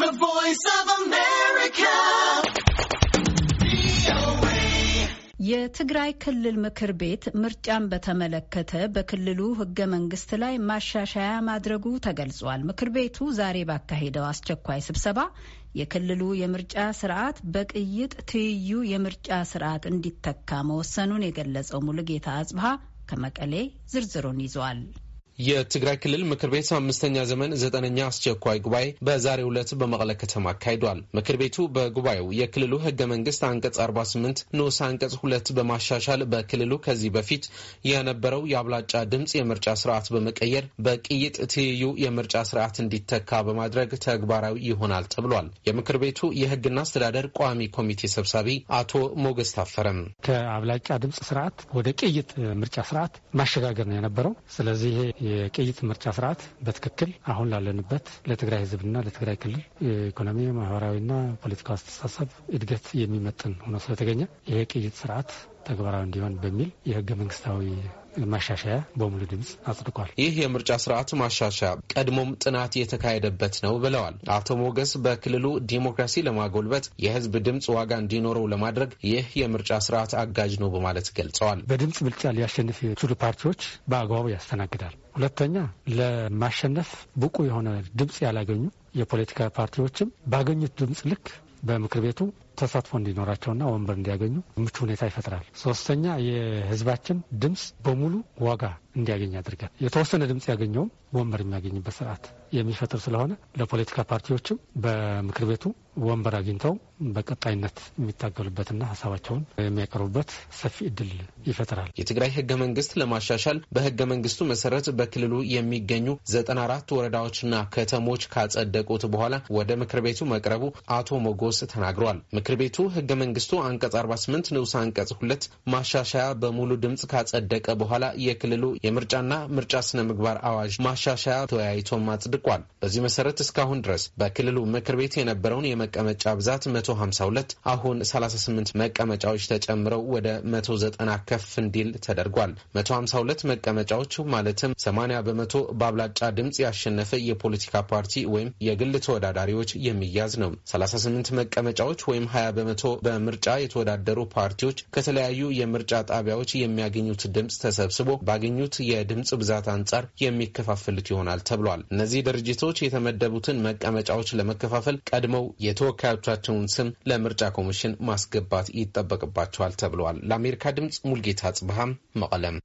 The Voice of America. የትግራይ ክልል ምክር ቤት ምርጫን በተመለከተ በክልሉ ህገ መንግስት ላይ ማሻሻያ ማድረጉ ተገልጿል። ምክር ቤቱ ዛሬ ባካሄደው አስቸኳይ ስብሰባ የክልሉ የምርጫ ስርዓት በቅይጥ ትይዩ የምርጫ ስርዓት እንዲተካ መወሰኑን የገለጸው ሙሉጌታ አጽብሃ ከመቀሌ ዝርዝሩን ይዟል። የትግራይ ክልል ምክር ቤት አምስተኛ ዘመን ዘጠነኛ አስቸኳይ ጉባኤ በዛሬ ዕለት በመቀለ ከተማ አካሂዷል። ምክር ቤቱ በጉባኤው የክልሉ ህገ መንግስት አንቀጽ 48 ንዑስ አንቀጽ ሁለት በማሻሻል በክልሉ ከዚህ በፊት የነበረው የአብላጫ ድምፅ የምርጫ ስርዓት በመቀየር በቅይጥ ትይዩ የምርጫ ስርዓት እንዲተካ በማድረግ ተግባራዊ ይሆናል ተብሏል። የምክር ቤቱ የህግና አስተዳደር ቋሚ ኮሚቴ ሰብሳቢ አቶ ሞገስ ታፈረም ከአብላጫ ድምፅ ስርዓት ወደ ቅይጥ ምርጫ ስርዓት ማሸጋገር ነው የነበረው ስለዚህ የቅይጥ ምርጫ ስርዓት በትክክል አሁን ላለንበት ለትግራይ ህዝብና ለትግራይ ክልል ኢኮኖሚ፣ ማህበራዊና ፖለቲካ አስተሳሰብ እድገት የሚመጥን ሆኖ ስለተገኘ ይሄ ቅይት ስርዓት ተግባራዊ እንዲሆን በሚል የህገ መንግስታዊ ማሻሻያ በሙሉ ድምፅ አጽድቋል። ይህ የምርጫ ስርዓት ማሻሻያ ቀድሞም ጥናት የተካሄደበት ነው ብለዋል አቶ ሞገስ። በክልሉ ዲሞክራሲ ለማጎልበት የህዝብ ድምፅ ዋጋ እንዲኖረው ለማድረግ ይህ የምርጫ ስርዓት አጋዥ ነው በማለት ገልጸዋል። በድምፅ ብልጫ ሊያሸንፍ የችሉ ፓርቲዎች በአግባቡ ያስተናግዳል። ሁለተኛ ለማሸነፍ ብቁ የሆነ ድምፅ ያላገኙ የፖለቲካ ፓርቲዎችም ባገኙት ድምፅ ልክ በምክር ቤቱ ተሳትፎ እንዲኖራቸውና ወንበር እንዲያገኙ ምቹ ሁኔታ ይፈጥራል። ሶስተኛ የህዝባችን ድምፅ በሙሉ ዋጋ እንዲያገኝ ያደርጋል። የተወሰነ ድምፅ ያገኘውም ወንበር የሚያገኝበት ስርዓት የሚፈጥር ስለሆነ ለፖለቲካ ፓርቲዎችም በምክር ቤቱ ወንበር አግኝተው በቀጣይነት የሚታገሉበትና ሀሳባቸውን የሚያቀርቡበት ሰፊ እድል ይፈጥራል። የትግራይ ህገ መንግስት ለማሻሻል በህገ መንግስቱ መሰረት በክልሉ የሚገኙ ዘጠና አራት ወረዳዎችና ከተሞች ካጸደቁት በኋላ ወደ ምክር ቤቱ መቅረቡ አቶ ሞጎስ ተናግረዋል። ምክር ቤቱ ህገ መንግስቱ አንቀጽ 48 ንዑስ አንቀጽ ሁለት ማሻሻያ በሙሉ ድምፅ ካጸደቀ በኋላ የክልሉ የምርጫና ምርጫ ስነ ምግባር አዋጅ ማሻሻያ ተወያይቶም አጽድቋል። በዚህ መሰረት እስካሁን ድረስ በክልሉ ምክር ቤት የነበረውን የመቀመጫ ብዛት 152 አሁን 38 መቀመጫዎች ተጨምረው ወደ 190 ከፍ እንዲል ተደርጓል። 152 መቀመጫዎች ማለትም 80 በመቶ በአብላጫ ድምፅ ያሸነፈ የፖለቲካ ፓርቲ ወይም የግል ተወዳዳሪዎች የሚያዝ ነው። 38 መቀመጫዎች ወይም 20 በመቶ በምርጫ የተወዳደሩ ፓርቲዎች ከተለያዩ የምርጫ ጣቢያዎች የሚያገኙት ድምፅ ተሰብስቦ ባገኙት የድምፅ ብዛት አንጻር የሚከፋፍሉት ይሆናል ተብሏል። እነዚህ ድርጅቶች የተመደቡትን መቀመጫዎች ለመከፋፈል ቀድመው የተወካዮቻቸውን ስም ለምርጫ ኮሚሽን ማስገባት ይጠበቅባቸዋል ተብሏል። ለአሜሪካ ድምፅ ሙልጌታ ጽብሃም መቀለም